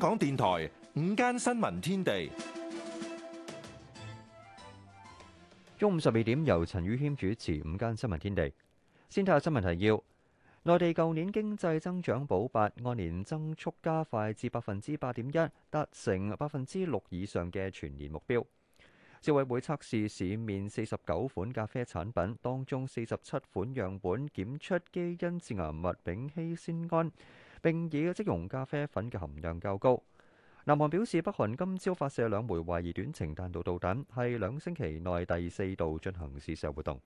香港電台午間新聞天地，中午十二點由陳宇謙主持《午間新聞天地》。先睇下新聞提要：內地舊年經濟增長保八，按年增速加快至百分之八點一，達成百分之六以上嘅全年目標。消委會測試市面四十九款咖啡產品，當中四十七款樣本檢出基因致癌物丙烯酰胺。並以即溶咖啡粉嘅含量較高。南韓表示，北韓今朝發射兩枚懷疑短程彈道導彈，係兩星期內第四度進行試射活動。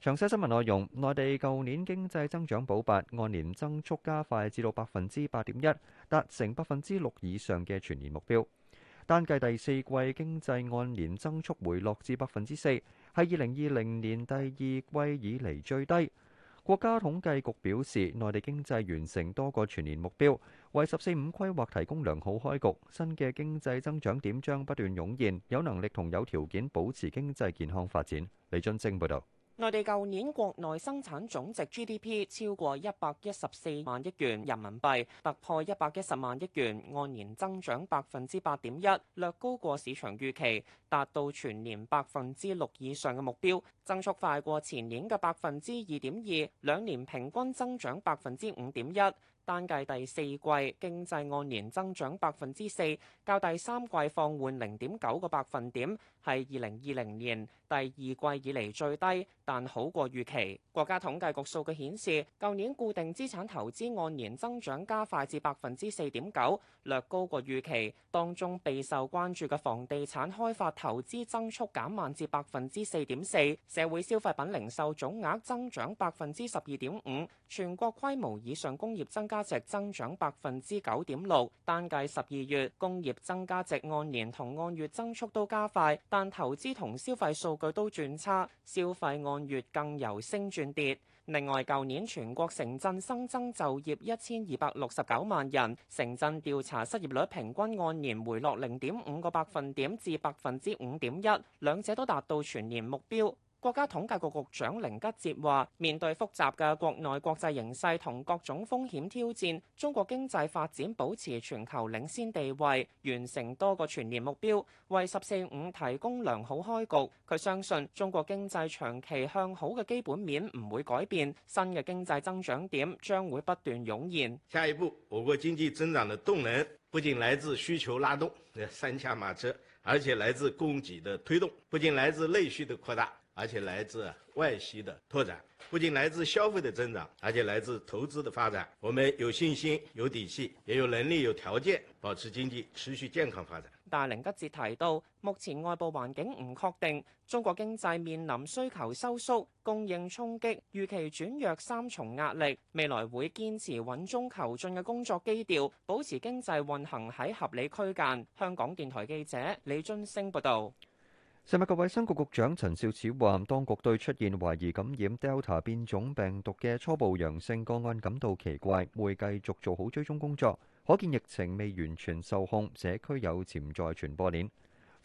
詳細新聞內容，內地舊年經濟增長保八，按年增速加快至到百分之八點一，達成百分之六以上嘅全年目標。單計第四季經濟按年增速回落至百分之四，係二零二零年第二季以嚟最低。國家統計局表示，內地經濟完成多個全年目標，為十四五規劃提供良好開局。新嘅經濟增長點將不斷湧現，有能力同有條件保持經濟健康發展。李津晶報導。內地舊年國內生產總值 GDP 超過一百一十四萬億元人民幣，突破一百一十萬億元，按年增長百分之八點一，略高過市場預期，達到全年百分之六以上嘅目標，增速快過前年嘅百分之二點二，兩年平均增長百分之五點一。單計第四季經濟按年增長百分之四，較第三季放緩零點九個百分點，係二零二零年第二季以嚟最低，但好過預期。國家統計局數據顯示，舊年固定資產投資按年增長加快至百分之四點九，略高過預期。當中備受關注嘅房地產開發投資增速減慢至百分之四點四，社會消費品零售總額增長百分之十二點五，全國規模以上工業增加。增加值增長百分之九點六，單計十二月工業增加值按年同按月增速都加快，但投資同消費數據都轉差，消費按月更由升轉跌。另外，舊年全國城鎮新增，增就業一千二百六十九萬人，城鎮調查失業率平均按年回落零點五個百分點至百分之五點一，兩者都達到全年目標。國家統計局局長寧吉喆話，面對複雜嘅國內國際形勢同各種風險挑戰，中國經濟發展保持全球領先地位，完成多個全年目標，為十四五提供良好開局。佢相信中國經濟長期向好嘅基本面唔會改變，新嘅經濟增長點將會不斷湧現。下一步，我國經濟增長嘅動能不僅來自需求拉動，三駕馬車，而且來自供給的推動，不僅來自內需的擴大。而且來自外需的拓展，不僅來自消費的增長，而且來自投資的發展。我們有信心、有底氣，也有能力、有條件保持經濟持續健康發展。大寧吉喆提到，目前外部環境唔確定，中國經濟面臨需求收縮、供應衝擊、預期轉弱三重壓力，未來會堅持穩中求進嘅工作基調，保持經濟運行喺合理區間。香港電台記者李津升報道。食物及衞生局局長陳肇始話，當局對出現懷疑感染 Delta 變種病毒嘅初步陽性個案感到奇怪，會繼續做好追蹤工作。可見疫情未完全受控，社區有潛在傳播鏈。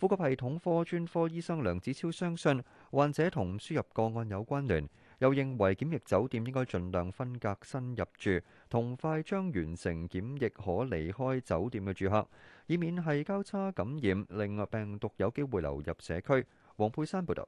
呼吸系統科專科醫生梁子超相信，患者同輸入個案有關聯。又認為檢疫酒店應該盡量分隔新入住，同快將完成檢疫可離開酒店嘅住客，以免係交叉感染，令病毒有機會流入社區。黃佩珊報導。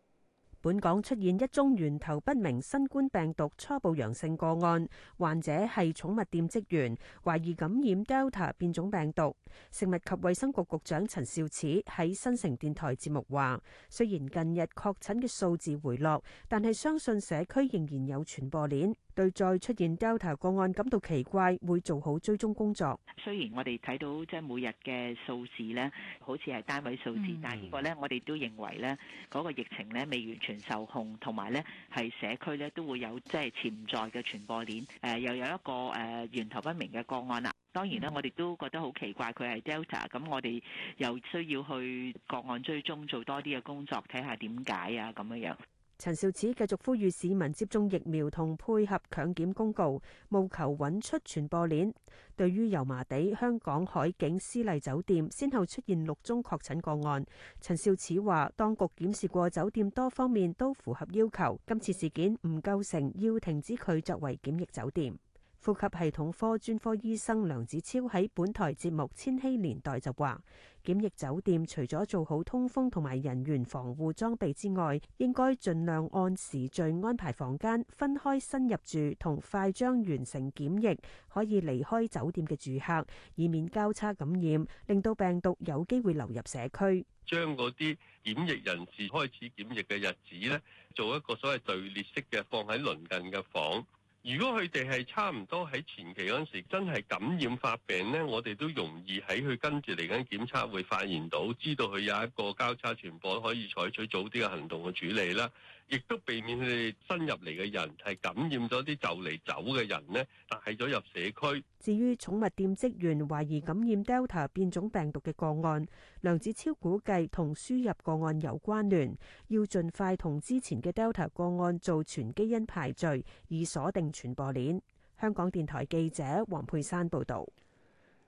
本港出現一宗源頭不明新冠病毒初步陽性個案，患者係寵物店職員，懷疑感染 Delta 變種病毒。食物及衛生局局長陳肇始喺新城電台節目話：雖然近日確診嘅數字回落，但係相信社區仍然有傳播鏈。對再出現 Delta 個案感到奇怪，會做好追蹤工作。雖然我哋睇到即係每日嘅數字咧，好似係單位數字，mm. 但係呢個咧，我哋都認為咧，嗰、那個疫情咧未完全受控，同埋咧係社區咧都會有即係潛在嘅傳播鏈。誒、呃、又有一個誒、呃、源頭不明嘅個案啊！當然咧，我哋都覺得好奇怪，佢係 Delta，咁我哋又需要去個案追蹤做多啲嘅工作，睇下點解啊咁樣樣。陳肇始繼續呼籲市民接種疫苗同配合強檢公告，務求揾出傳播鏈。對於油麻地香港海景絲麗酒店先後出現六宗確診個案，陳肇始話：當局檢視過酒店多方面都符合要求，今次事件唔構成要停止佢作為檢疫酒店。呼吸系統科專科醫生梁子超喺本台節目《千禧年代》就話：檢疫酒店除咗做好通風同埋人員防護裝備之外，應該盡量按時序安排房間，分開新入住同快將完成檢疫可以離開酒店嘅住客，以免交叉感染，令到病毒有機會流入社區。將嗰啲檢疫人士開始檢疫嘅日子咧，做一個所謂隊列式嘅放喺鄰近嘅房。如果佢哋係差唔多喺前期嗰陣時真係感染發病呢，我哋都容易喺佢跟住嚟緊檢測會發現到，知道佢有一個交叉傳播，可以採取早啲嘅行動去處理啦。亦都避免佢哋新入嚟嘅人係感染咗啲就嚟走嘅人呢，帶咗入社區。至於寵物店職員懷疑感染 Delta 變種病毒嘅個案，梁子超估計同輸入個案有關聯，要盡快同之前嘅 Delta 個案做全基因排序，以鎖定傳播鏈。香港電台記者黃佩珊報道，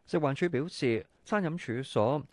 食環署表示，餐飲處所、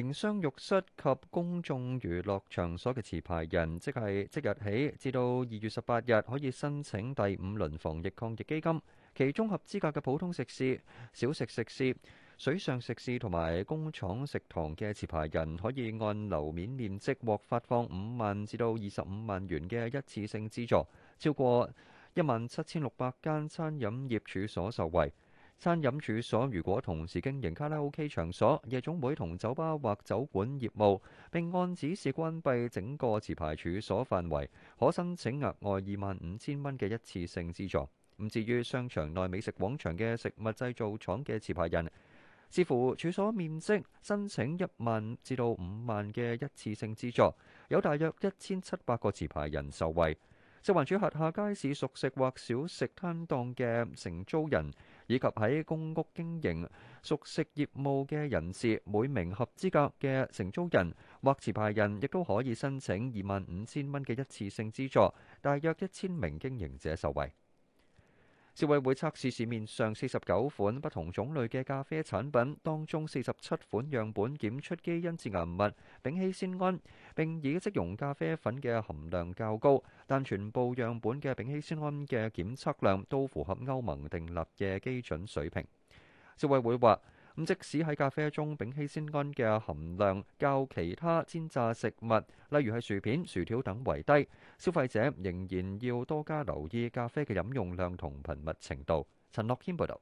營商、浴室及公眾娛樂場所嘅持牌人，即係即日起至到二月十八日，可以申請第五輪防疫抗疫基金。其中合資格嘅普通食肆、小食食肆、水上食肆同埋工廠食堂嘅持牌人，可以按樓面面積獲發放五萬至到二十五萬元嘅一次性資助。超過一萬七千六百間餐飲業處所受惠。餐飲處所如果同時經營卡拉 OK 場所、夜總會同酒吧或酒館業務，並按指示關閉整個持牌處所範圍，可申請額外二萬五千蚊嘅一次性資助。咁至於商場內美食廣場嘅食物製造廠嘅持牌人，視乎處所面積，申請一萬至到五萬嘅一次性資助，有大約一千七百個持牌人受惠。食環署轄下街市熟食或小食攤檔嘅承租人，以及喺公屋經營熟食業務嘅人士，每名合資格嘅承租人或持牌人，亦都可以申請二萬五千蚊嘅一次性資助，大約一千名經營者受惠。消委會測試市面上四十九款不同種類嘅咖啡產品，當中四十七款樣本檢出基因致癌物丙烯酰胺，並以即溶咖啡粉嘅含量較高，但全部樣本嘅丙烯酰胺嘅檢測量都符合歐盟定立嘅基準水平。消委會話，咁即使喺咖啡中丙烯酰胺嘅含量較其他煎炸食物，例如係薯片、薯條等為低，消費者仍然要多加留意咖啡嘅飲用量同頻密程度。陳樂謙報道，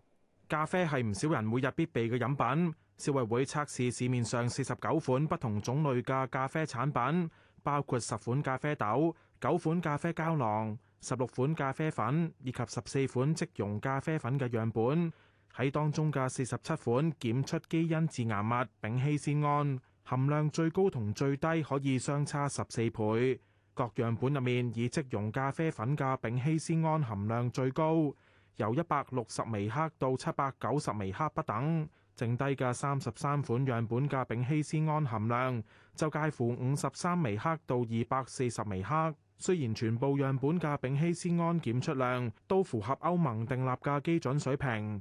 咖啡係唔少人每日必備嘅飲品。消委會測試市面上四十九款不同種類嘅咖啡產品，包括十款咖啡豆、九款咖啡膠囊、十六款咖啡粉以及十四款即溶咖啡粉嘅樣本。喺當中嘅四十七款檢出基因致癌物丙烯酰胺，含量最高同最低可以相差十四倍。各樣本入面以即溶咖啡粉嘅丙烯酰胺含量最高，由一百六十微克到七百九十微克不等。剩低嘅三十三款樣本嘅丙烯酰胺含量就介乎五十三微克到二百四十微克。雖然全部樣本嘅丙烯酰胺檢出量都符合歐盟訂立嘅基準水平。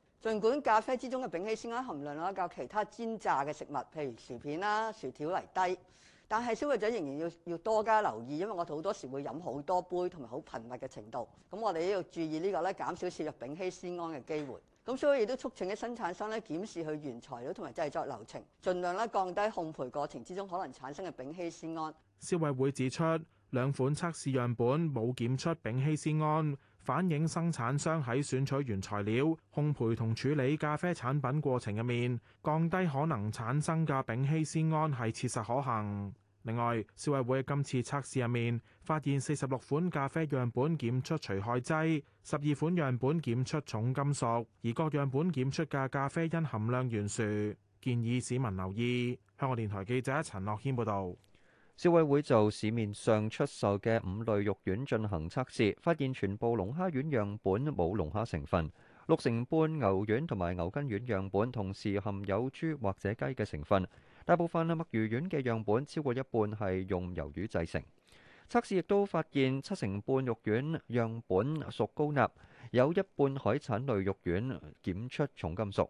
儘管咖啡之中嘅丙烯酰胺含量啦較其他煎炸嘅食物，譬如薯片啦、薯條嚟低，但係消費者仍然要要多加留意，因為我哋好多時會飲好多杯同埋好頻密嘅程度。咁我哋都要注意個呢個咧，減少攝入丙烯酰胺嘅機會。咁所以亦都促請啲生產商咧檢視佢原材料同埋製作流程，儘量咧降低烘焙過程之中可能產生嘅丙烯酰胺。消委會指出，兩款測試樣本冇檢出丙烯酰胺。反映生產商喺選取原材料、烘焙同處理咖啡產品過程入面，降低可能產生嘅丙烯酰胺係切實可行。另外，消委會今次測試入面，發現四十六款咖啡樣本檢出除害劑，十二款樣本檢出重金屬，而各樣本檢出嘅咖啡因含量懸殊，建議市民留意。香港電台記者陳樂軒報道。消委會就市面上出售嘅五類肉丸進行測試，發現全部龍蝦丸樣本冇龍蝦成分，六成半牛丸同埋牛筋丸樣本同時含有豬或者雞嘅成分。大部分啊墨魚丸嘅樣本超過一半係用魷魚製成。測試亦都發現七成半肉丸樣本屬高鈉，有一半海產類肉丸檢出重金屬。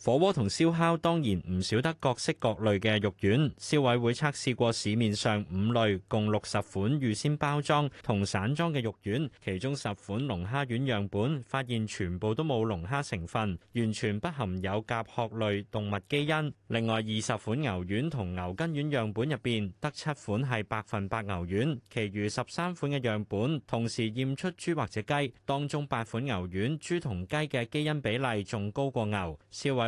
火鍋同燒烤當然唔少得各式各類嘅肉丸，消委會測試過市面上五類共六十款預先包裝同散裝嘅肉丸，其中十款龍蝦丸樣本發現全部都冇龍蝦成分，完全不含有甲殼類動物基因。另外二十款牛丸同牛筋丸樣本入邊，得七款係百分百牛丸，其餘十三款嘅樣本同時驗出豬或者雞，當中八款牛丸豬同雞嘅基因比例仲高過牛。消委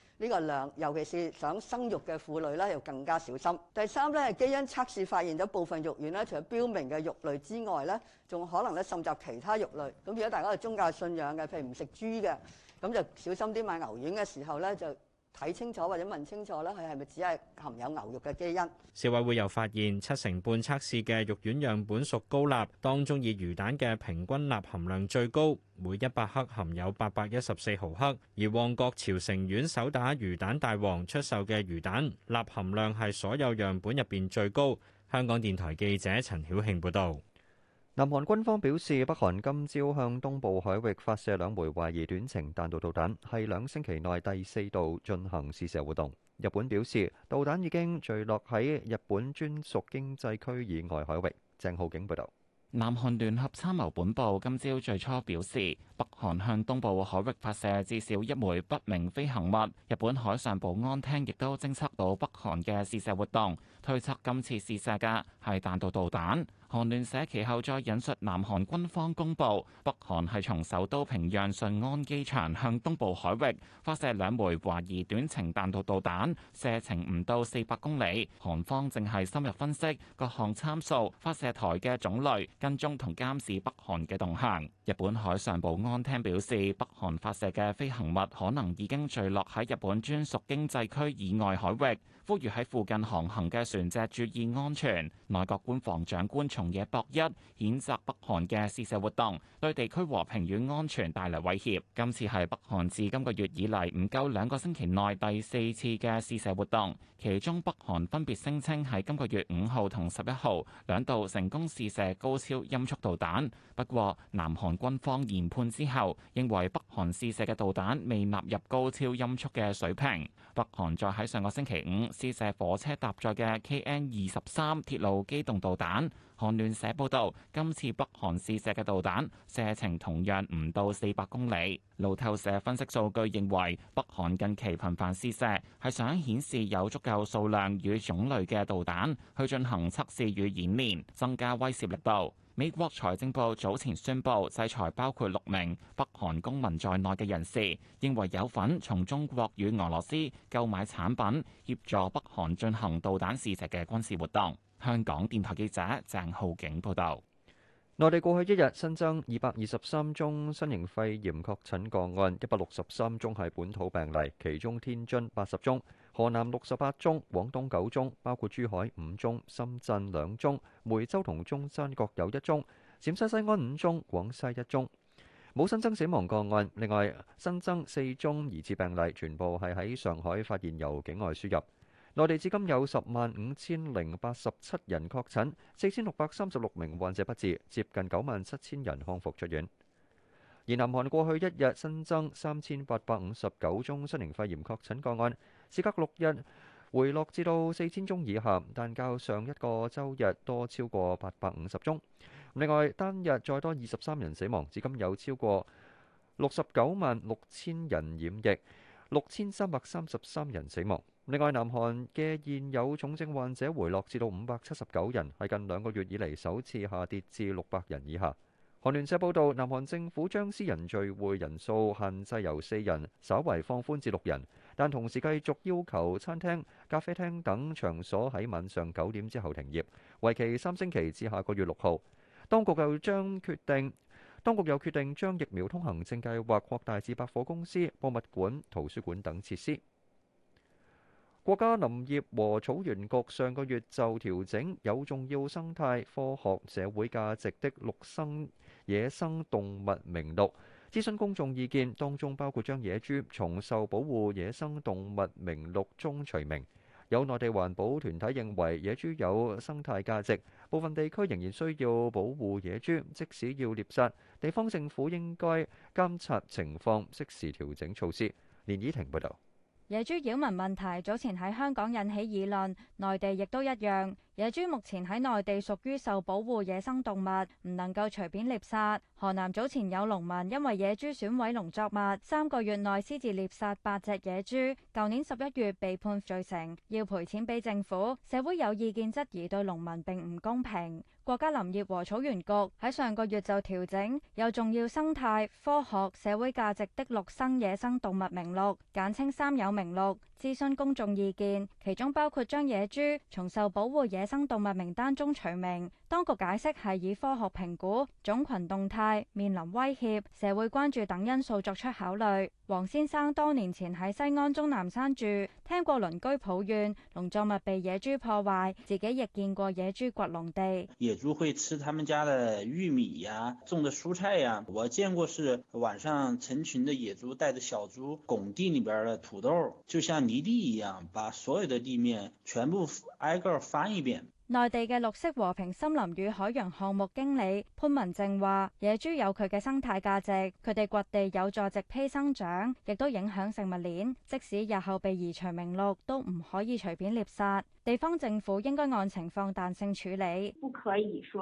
呢個量，尤其是想生育嘅婦女咧，要更加小心。第三咧係基因測試發現咗部分肉丸咧，除咗標明嘅肉類之外咧，仲可能咧滲集其他肉類。咁如果大家係宗教信仰嘅，譬如唔食豬嘅，咁就小心啲買牛丸嘅時候咧就。睇清楚或者問清楚啦，佢係咪只係含有牛肉嘅基因？消委會又發現七成半測試嘅肉丸樣本屬高鈉，當中以魚蛋嘅平均鈉含量最高，每一百克含有八百一十四毫克。而旺角潮城苑手打魚蛋大王出售嘅魚蛋，鈉含量係所有樣本入邊最高。香港電台記者陳曉慶報導。南韓軍方表示，北韓今朝向東部海域發射兩枚懷疑短程彈道導彈，係兩星期內第四度進行試射活動。日本表示，導彈已經墜落喺日本專屬經濟區以外海域。鄭浩景報道。南韓聯合參謀本部今朝最初表示，北韓向東部海域發射至少一枚不明飛行物。日本海上保安廳亦都偵測到北韓嘅試射活動。推測今次試射嘅係彈道導彈。韓聯社其後再引述南韓軍方公佈，北韓係從首都平壤順安機場向東部海域發射兩枚懷疑短程彈道導彈，射程唔到四百公里。韓方正係深入分析各項參數、發射台嘅種類、跟蹤同監視北韓嘅動向。日本海上保安廳表示，北韓發射嘅飛行物可能已經墜落喺日本專屬經濟區以外海域。呼籲喺附近航行嘅船隻注意安全。內閣官房長官松野博一譴責北韓嘅試射活動對地區和平與安全帶嚟威脅，今次係北韓自今個月以嚟唔夠兩個星期內第四次嘅試射活動，其中北韓分別聲稱喺今個月五號同十一號兩度成功試射高超音速導彈，不過南韓軍方研判之後認為北韓試射嘅導彈未納入高超音速嘅水平。北韓再喺上個星期五試射火車搭載嘅 KN 二十三鐵路機動導彈。韓聯社報導，今次北韓試射嘅導彈射程同樣唔到四百公里。路透社分析數據認為，北韓近期頻繁試射係想顯示有足夠數量與種類嘅導彈去進行測試與演練，增加威懾力度。美國財政部早前宣布制裁包括六名北韓公民在內嘅人士，認為有份從中國與俄羅斯購買產品協助北韓進行導彈試射嘅軍事活動。香港電台記者鄭浩景報道，內地過去一日新增二百二十三宗新型肺炎確診個案，一百六十三宗係本土病例，其中天津八十宗，河南六十八宗，廣東九宗，包括珠海五宗、深圳兩宗、梅州同中山各有一宗，陝西西安五宗，廣西一宗，冇新增死亡個案。另外新增四宗疑似病例，全部係喺上海發現由境外輸入。內地至今有十萬五千零八十七人確診，四千六百三十六名患者不治，接近九萬七千人康復出院。而南韓過去一日新增三千八百五十九宗新型肺炎確診個案，時隔六日回落至到四千宗以下，但較上一個周日多超過八百五十宗。另外，單日再多二十三人死亡，至今有超過六十九萬六千人染疫，六千三百三十三人死亡。另外，南韓嘅現有重症患者回落至到五百七十九人，係近兩個月以嚟首次下跌至六百人以下。韓聯社報導，南韓政府將私人聚會人數限制由四人稍為放寬至六人，但同時繼續要求餐廳、咖啡廳等場所喺晚上九點之後停業，為期三星期至下個月六號。當局又將決定，當局又決定將疫苗通行證計劃擴大至百貨公司、博物館、圖書館等設施。國家林業和草原局上個月就調整有重要生態、科學、社會價值的陸生野生動物名錄，諮詢公眾意見，當中包括將野豬從受保護野生動物名錄中除名。有內地環保團體認為野豬有生態價值，部分地區仍然需要保護野豬，即使要獵殺，地方政府應該監察情況，適時調整措施。連倚婷報道。野豬擾民問題早前喺香港引起議論，內地亦都一樣。野豬目前喺內地屬於受保護野生動物，唔能夠隨便獵殺。河南早前有農民因為野豬損毀農作物，三個月內私自獵殺八隻野豬，舊年十一月被判罪成，要賠錢俾政府。社會有意見質疑對農民並唔公平。國家林業和草原局喺上個月就調整有重要生態、科學、社會價值的陸生野生動物名錄，簡稱三有名錄，諮詢公眾意見，其中包括將野豬從受保護野野生動物名單中除名。當局解釋係以科學評估種群動態、面臨威脅、社會關注等因素作出考慮。王先生多年前喺西安終南山住，聽過鄰居抱怨農作物被野豬破壞，自己亦見過野豬掘農地。野豬會吃他們家的玉米呀、啊，種的蔬菜呀、啊。我見過是晚上成群的野豬帶着小豬拱地裏邊的土豆，就像犁地一樣，把所有的地面全部挨個翻一遍。內地嘅綠色和平森林與海洋項目經理潘文正話：野豬有佢嘅生態價值，佢哋掘地有助植被生長，亦都影響食物鏈。即使日後被移除名錄，都唔可以隨便獵殺。地方政府應該按情況彈性處理。不可以說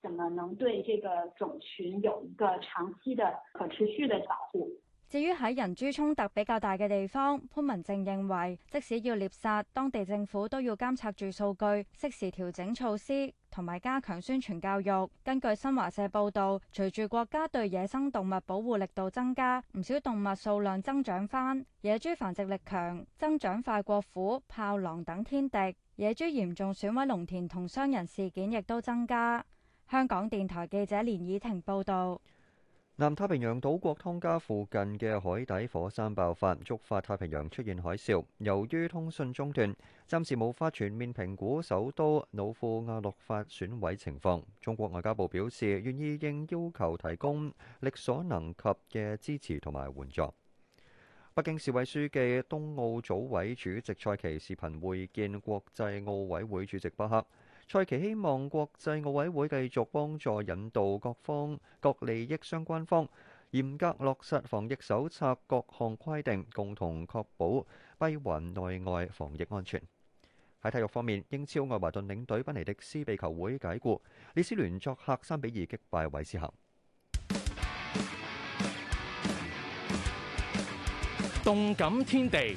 怎麼能對這個種群有一個長期的可持續的保護？至於喺人豬衝突比較大嘅地方，潘文正認為，即使要獵殺，當地政府都要監察住數據，適時調整措施，同埋加強宣傳教育。根據新華社報道，隨住國家對野生動物保護力度增加，唔少動物數量增長翻，野豬繁殖力強，增長快過虎、豹、狼等天敵，野豬嚴重損毀農田同傷人事件亦都增加。香港電台記者連綺婷報道：南太平洋島國湯加附近嘅海底火山爆發，觸發太平洋出現海嘯。由於通訊中斷，暫時無法全面評估首都努庫阿洛法損毀情況。中國外交部表示，願意應要求提供力所能及嘅支持同埋援助。北京市委書記、冬奧組委主席蔡奇視頻會見國際奧委會主席巴赫。蔡奇希望國際奧委會繼續幫助引導各方、各利益相關方，嚴格落實防疫手冊各項規定，共同確保閉環內外防疫安全。喺體育方面，英超愛華頓領隊賓尼迪斯被球會解雇，利斯聯作客三比二擊敗韋斯咸。動感天地。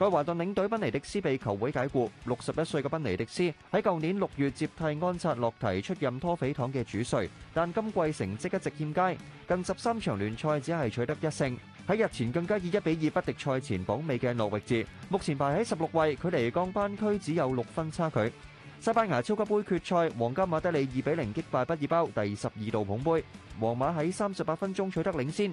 愛華頓領隊賓尼迪斯被球會解雇。六十一歲嘅賓尼迪斯喺舊年六月接替安察洛提出任拖肥糖嘅主帥，但今季成績一直欠佳，近十三場聯賽只係取得一勝。喺日前更加以一比二不敵賽前榜尾嘅諾域治，目前排喺十六位，距離降班區只有六分差距。西班牙超級杯決賽，皇家馬德里二比零擊敗畢爾包，第十二度捧杯。皇馬喺三十八分鐘取得領先。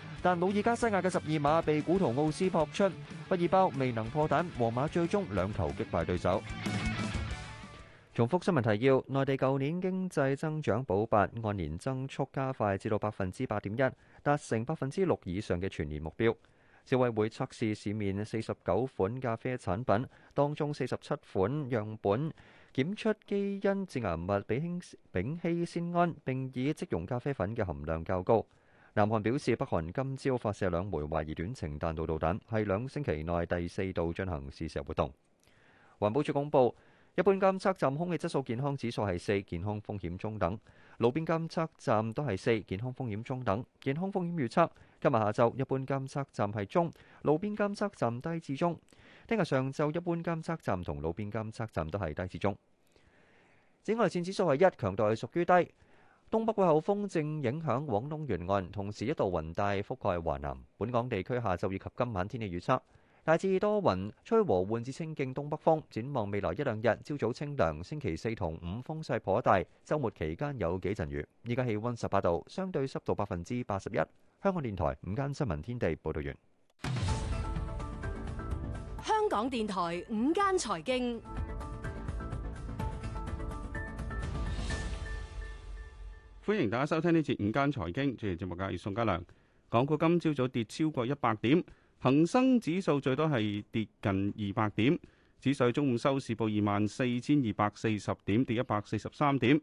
但努爾加西亞嘅十二碼被古圖奧斯撲出，不二包未能破蛋，皇馬最終兩球擊敗對手。重複新聞提要：內地舊年經濟增長補八，按年增速加快至到百分之八點一，達成百分之六以上嘅全年目標。消委會測試市面四十九款咖啡產品，當中四十七款樣本檢出基因致癌物丙烯酰胺，並以即溶咖啡粉嘅含量較高。南韓表示，北韓今朝發射兩枚懷疑短程彈道導彈，係兩星期內第四度進行試射活動。環保署公布，一般監測站空氣質素健康指數係四，健康風險中等；路邊監測站都係四，健康風險中等。健康風險預測，今日下晝一般監測站係中，路邊監測站低至中。聽日上晝一般監測站同路邊監測站都係低至中。紫外線指數係一，強度係屬於低。東北季候風正影響廣東沿岸，同時一道雲帶覆蓋華南。本港地區下晝以及今晚天氣預測：大致多雲，吹和緩至清勁東北風。展望未來一兩日，朝早清涼，星期四同五風勢頗大，周末期間有幾陣雨。依家氣温十八度，相對濕度百分之八十一。香港電台午間新聞天地報道完。香港電台午間財經。歡迎大家收聽呢次午間財經，主持節目嘅係宋家良。港股今朝早跌超過一百點，恒生指數最多係跌近二百點，指數中午收市報二萬四千二百四十點，跌一百四十三點。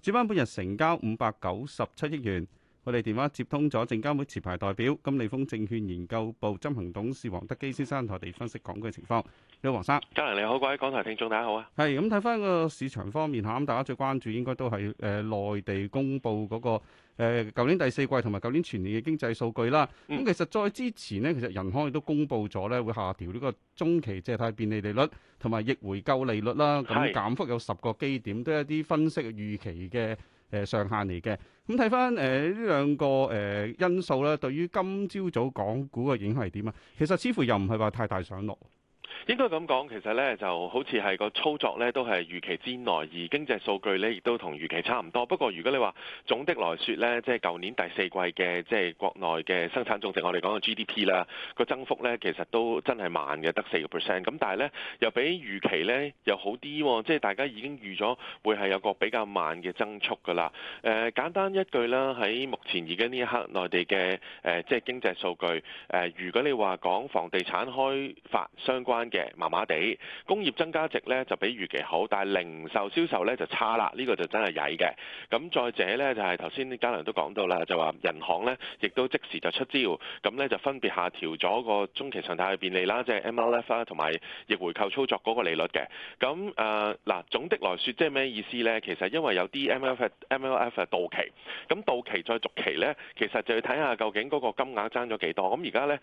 主板本日成交五百九十七億元。我哋電話接通咗證監會持牌代表金利豐證券研究部執行董事黃德基先生，同我哋分析講嘅情況。你好黃生，早晨。你好，各位港台聽眾大家好啊，係咁睇翻個市場方面嚇，咁大家最關注應該都係誒內地公布嗰個誒舊年第四季同埋舊年全年嘅經濟數據啦。咁其實再之前咧，其實人行亦都公布咗咧，會下調呢個中期借貸便利利率同埋逆回購利率啦，咁減幅有十個基點，都有一啲分析預期嘅。誒、呃、上限嚟嘅，咁睇返誒呢兩個誒、呃、因素咧，對於今朝早港股嘅影響係點啊？其實似乎又唔係話太大上落。應該咁講，其實咧就好似係個操作咧都係預期之內，而經濟數據咧亦都同預期差唔多。不過如果你話總的來說咧，即係舊年第四季嘅即係國內嘅生產總值，我哋講嘅 GDP 啦，個增幅咧其實都真係慢嘅，得四個 percent。咁但係咧又比預期咧又好啲，即係大家已經預咗會係有個比較慢嘅增速㗎啦。誒，簡單一句啦，喺目前而家呢一刻，內地嘅誒即係經濟數據誒，如果你話講房地產開發相關。嘅麻麻地，工業增加值咧就比預期好，但係零售銷售咧就差啦，呢、這個就真係曳嘅。咁再者咧就係頭先嘉良都講到啦，就話銀行咧亦都即時就出招，咁咧就分別下調咗個中期借貸嘅便利啦，即係 MLF 同埋逆回購操作嗰個利率嘅。咁誒嗱總的來說，即係咩意思咧？其實因為有啲 MLF、MLF 係到期，咁到期再續期咧，其實就要睇下究竟嗰個金額爭咗幾多。咁而家咧。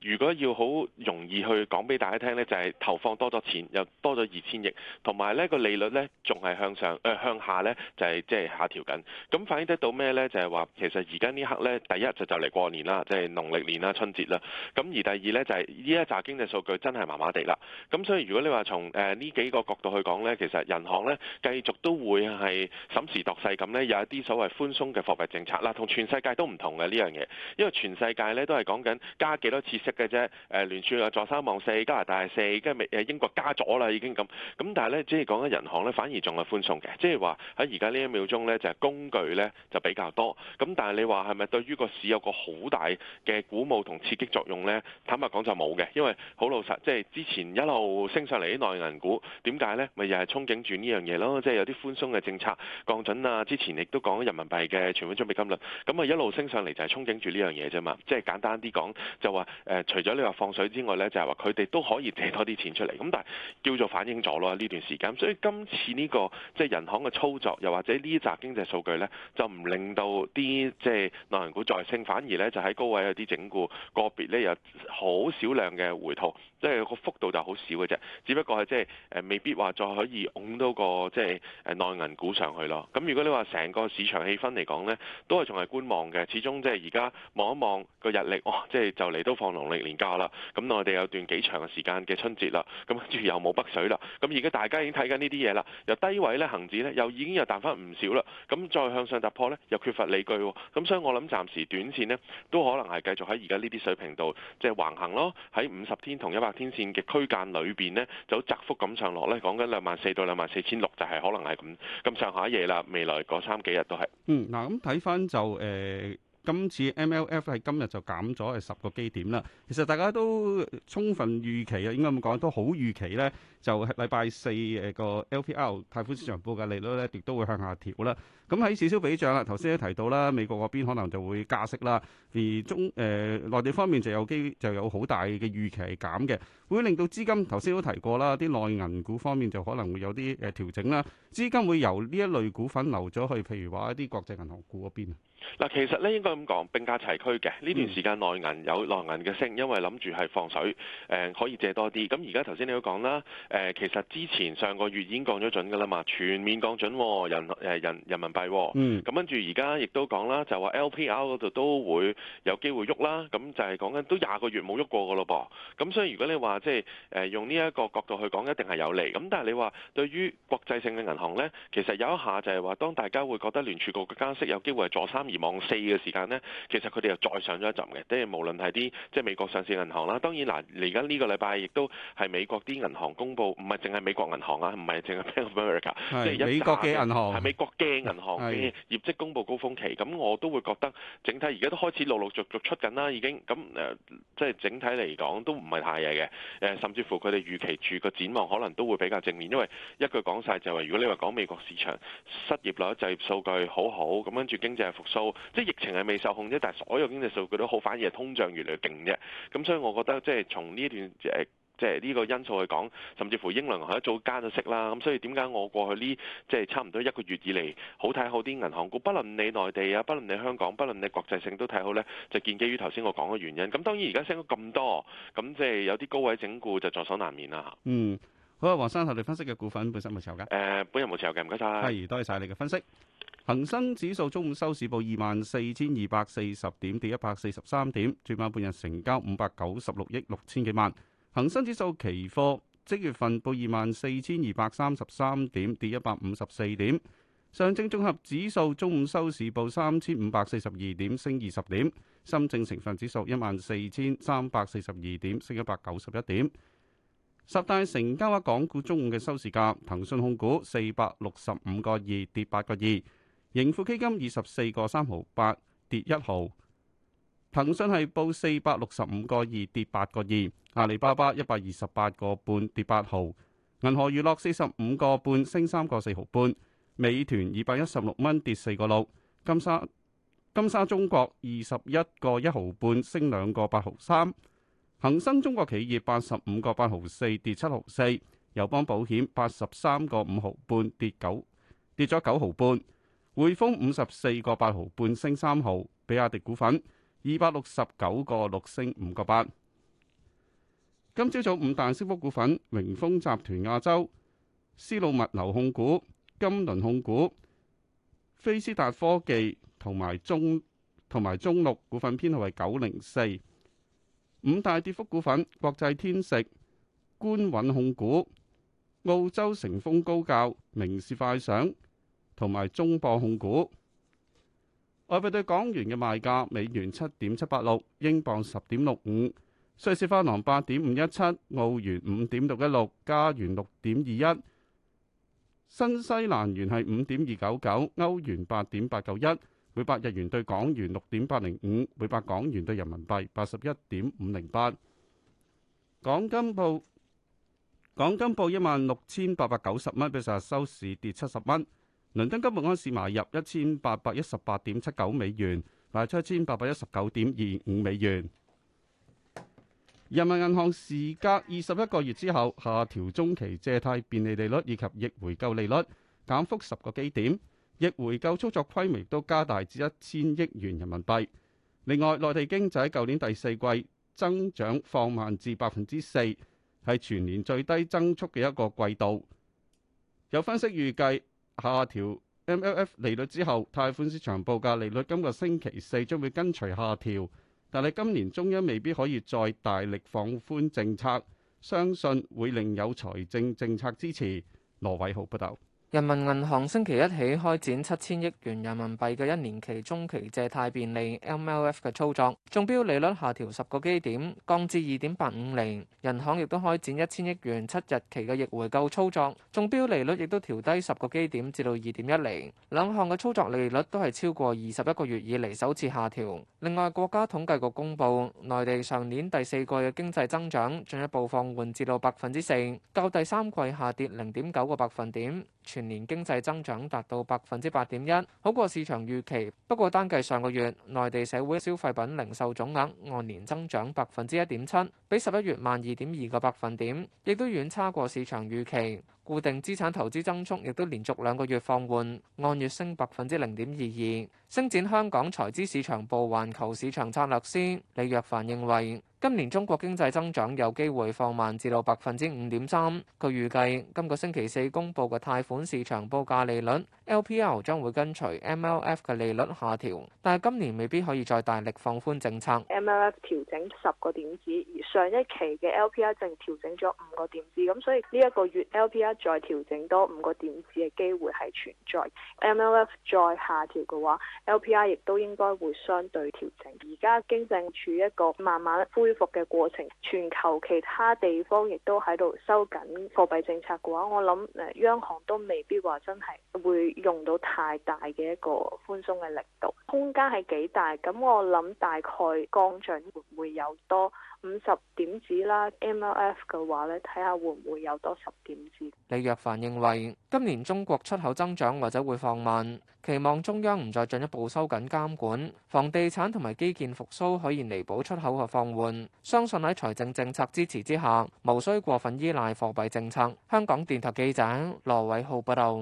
如果要好容易去講俾大家聽呢，就係投放多咗錢，又多咗二千億，同埋呢個利率呢，仲係向上，誒、呃、向下呢，就係即係下調緊。咁反映得到咩呢？就係話其實而家呢刻呢，第一就就嚟過年啦，即係農曆年啦，春節啦。咁而第二呢，就係呢一紮經濟數據真係麻麻地啦。咁所以如果你話從誒呢幾個角度去講呢，其實銀行呢，繼續都會係審時度勢咁呢，有一啲所謂寬鬆嘅貨幣政策啦，同全世界都唔同嘅呢樣嘢，因為全世界呢，都係講緊加幾多次。得嘅啫，誒聯儲啊，坐三望四，加拿大四，跟住誒英國加咗啦，已經咁。咁但係咧，只係講緊銀行咧，反而仲係寬鬆嘅，即係話喺而家呢一秒鐘咧，就係、是、工具咧就比較多。咁但係你話係咪對於個市有個好大嘅鼓舞同刺激作用咧？坦白講就冇嘅，因為好老實，即、就、係、是、之前一路升上嚟啲內銀股，點解咧？咪、就是、又係憧憬住呢樣嘢咯。即、就、係、是、有啲寬鬆嘅政策降準啊，之前亦都講咗人民幣嘅存款準備金率，咁啊一路升上嚟就係憧憬住呢樣嘢啫嘛。即、就、係、是、簡單啲講，就話誒。呃除咗你話放水之外呢就係話佢哋都可以借多啲錢出嚟。咁但係叫做反映咗咯呢段時間。所以今次呢個即係銀行嘅操作，又或者呢集經濟數據呢，就唔令到啲即係內銀股再升，反而呢就喺高位有啲整固，個別呢，有好少量嘅回吐，即係個幅度就好少嘅啫。只不過係即係未必話再可以拱到個即係誒內銀股上去咯。咁如果你話成個市場氣氛嚟講呢，都係仲係觀望嘅。始終即係而家望一望個日曆，哦！即係就嚟都放隆，嚟年假啦，咁內地有段幾長嘅時間嘅春節啦，咁跟住又冇北水啦，咁而家大家已經睇緊呢啲嘢啦，由低位咧恆指咧又已經又彈翻唔少啦，咁再向上突破咧又缺乏理據，咁所以我諗暫時短線呢都可能係繼續喺而家呢啲水平度即係橫行咯，喺五十天同一百天線嘅區間裏邊呢，就窄幅咁上落咧，講緊兩萬四到兩萬四千六就係可能係咁咁上下嘅嘢啦，未來嗰三幾日都係。嗯，嗱咁睇翻就誒。呃今次 MLF 喺今日就減咗係十個基點啦。其實大家都充分預期啊，應該咁講都好預期咧，就禮拜四誒個 LPR 貸款市場報價利率咧，亦都會向下調啦。咁喺此消彼長啦，頭先都提到啦，美國嗰邊可能就會加息啦，而中誒呃、內地方面就有機就有好大嘅預期係減嘅，會令到資金頭先都提過啦，啲內銀股方面就可能會有啲誒調整啦，資金會由呢一類股份流咗去，譬如話一啲國際銀行股嗰邊。嗱，其實咧應該咁講，並駕齊驅嘅。呢段時間內銀有內銀嘅升，因為諗住係放水，誒可以借多啲。咁而家頭先你都講啦，誒其實之前上個月已經降咗準㗎啦嘛，全面降準，人誒人人民幣。嗯。咁跟住而家亦都講啦，就話 LPR 嗰度都會有機會喐啦。咁就係講緊都廿個月冇喐過㗎咯噃。咁所以如果你話即係誒用呢一個角度去講，一定係有利。咁但係你話對於國際性嘅銀行咧，其實有一下就係話，當大家會覺得聯儲局嘅加息有機會係左三。而望四嘅時間呢，其實佢哋又再上咗一浸嘅，即係無論係啲即係美國上市銀行啦。當然嗱，嚟緊呢個禮拜亦都係美國啲銀行公布，唔係淨係美國銀行啊，唔係淨係 Bank 即係美國嘅是銀行，係美國嘅銀行嘅業績公布高峰期。咁我都會覺得整體而家都開始陸陸續續出緊啦，已經咁誒、呃，即係整體嚟講都唔係太嘢嘅。誒、呃，甚至乎佢哋預期住個展望可能都會比較正面，因為一句講晒就係、是、如果你話講美國市場失業率就業數據好好，咁跟住經濟係復甦。即係疫情係未受控啫，但係所有經濟數據都好，反而係通脹越嚟越勁啫。咁所以，我覺得即係從呢一段誒，即係呢個因素去講，甚至乎英倫銀行一早加咗息啦。咁所以點解我過去呢即係差唔多一個月以嚟好睇好啲銀行股，不論你內地啊，不論你香港，不論你國際性都睇好呢，就建基於頭先我講嘅原因。咁當然而家升咗咁多，咁即係有啲高位整固就在所難免啦。嗯，好啊，黃生，同你分析嘅股份本身冇持有嘅，呃，本人冇持有嘅，唔該曬，係多謝晒你嘅分析。恒生指數中午收市報二萬四千二百四十點，跌一百四十三點。最晚半日成交五百九十六億六千幾萬。恒生指數期貨即月份報二萬四千二百三十三點，跌一百五十四點。上證綜合指數中午收市報三千五百四十二點，升二十點。深證成分指數一萬四千三百四十二點，升一百九十一點。十大成交額港股中午嘅收市價，騰訊控股四百六十五個二，跌八個二。盈富基金二十四個三毫八跌一毫，騰訊係報四百六十五個二跌八個二，阿里巴巴一百二十八個半跌八毫，銀河娛樂四十五個半升三個四毫半，美團二百一十六蚊跌四個六，金沙金沙中國二十一個一毫半升兩個八毫三，恒生中國企業八十五個八毫四跌七毫四，友邦保險八十三個五毫半跌九跌咗九毫半。匯豐五十四個八毫半升三毫，比亞迪股份二百六十九個六升五個八。今朝早，早五大升幅股份：榮豐集團、亞洲、絲路物流控股、金輪控股、飛思達科技，同埋中同埋中綠股份編號為九零四。五大跌幅股份：國際天食、官穩控股、澳洲成峰高教、明視快想。同埋中博控股。外幣對港元嘅賣價：美元七點七八六，英鎊十點六五，瑞士法郎八點五一七，澳元五點六一六，加元六點二一，新西蘭元係五點二九九，歐元八點八九一，每百日元對港元六點八零五，每百港元對人民幣八十一點五零八。港金報港金報一萬六千八百九十蚊，比上日收市跌七十蚊。倫敦金今日安市買入一千八百一十八點七九美元，賣出一千八百一十九點二五美元。人民銀行時隔二十一個月之後下調中期借貸便利利率以及逆回購利率，減幅十個基點。逆回購操作規模都加大至一千億元人民幣。另外，內地經濟舊年第四季增長放慢至百分之四，係全年最低增速嘅一個季度。有分析預計，下調 MLF 利率之後，貸款市場報價利率今個星期四將會跟隨下調。但係今年中央未必可以再大力放寬政策，相信會另有財政政策支持。羅偉豪報道。人民銀行星期一起開展七千億元人民幣嘅一年期中期借貸便利 （MLF） 嘅操作，中標利率下調十個基點，降至二點八五零。人行亦都開展一千億元七日期嘅逆回購操作，中標利率亦都調低十個基點，至到二點一零。兩項嘅操作利率都係超過二十一個月以嚟首次下調。另外，國家統計局公布，內地上年第四季嘅經濟增長進一步放緩至到百分之四，較第三季下跌零點九個百分點。全年經濟增長達到百分之八點一，好過市場預期。不過單計上個月，內地社會消費品零售總額按年增長百分之一點七，比十一月慢二點二個百分點，亦都遠差過市場預期。固定資產投資增速亦都連續兩個月放緩，按月升百分之零點二二。星展香港財資市場部環球市場策略師李若凡認為，今年中國經濟增長有機會放慢至到百分之五點三。佢預計今個星期四公佈嘅貸款市場報價利率，LPR 將會跟隨 MLF 嘅利率下調，但係今年未必可以再大力放寬政策。MLF 調整十個點子，而上一期嘅 LPR 淨調整咗五個點子，咁所以呢一個月 LPR 再調整多五個點子嘅機會係存在。MLF 再下調嘅話，LPR 亦都應該會相對調整。而家經濟處一個慢慢恢復嘅過程，全球其他地方亦都喺度收緊貨幣政策嘅話，我諗誒央行都未必話真係會。用到太大嘅一個寬鬆嘅力度，空間係幾大？咁我諗大概降準會唔會有多五十點子啦？MLF 嘅話咧，睇下會唔會有多十點子？李若凡認為今年中國出口增長或者會放慢，期望中央唔再進一步收緊監管，房地產同埋基建復甦可以彌補出口嘅放緩。相信喺財政政策支持之下，無需過分依賴貨幣政策。香港電台記者羅偉浩報道。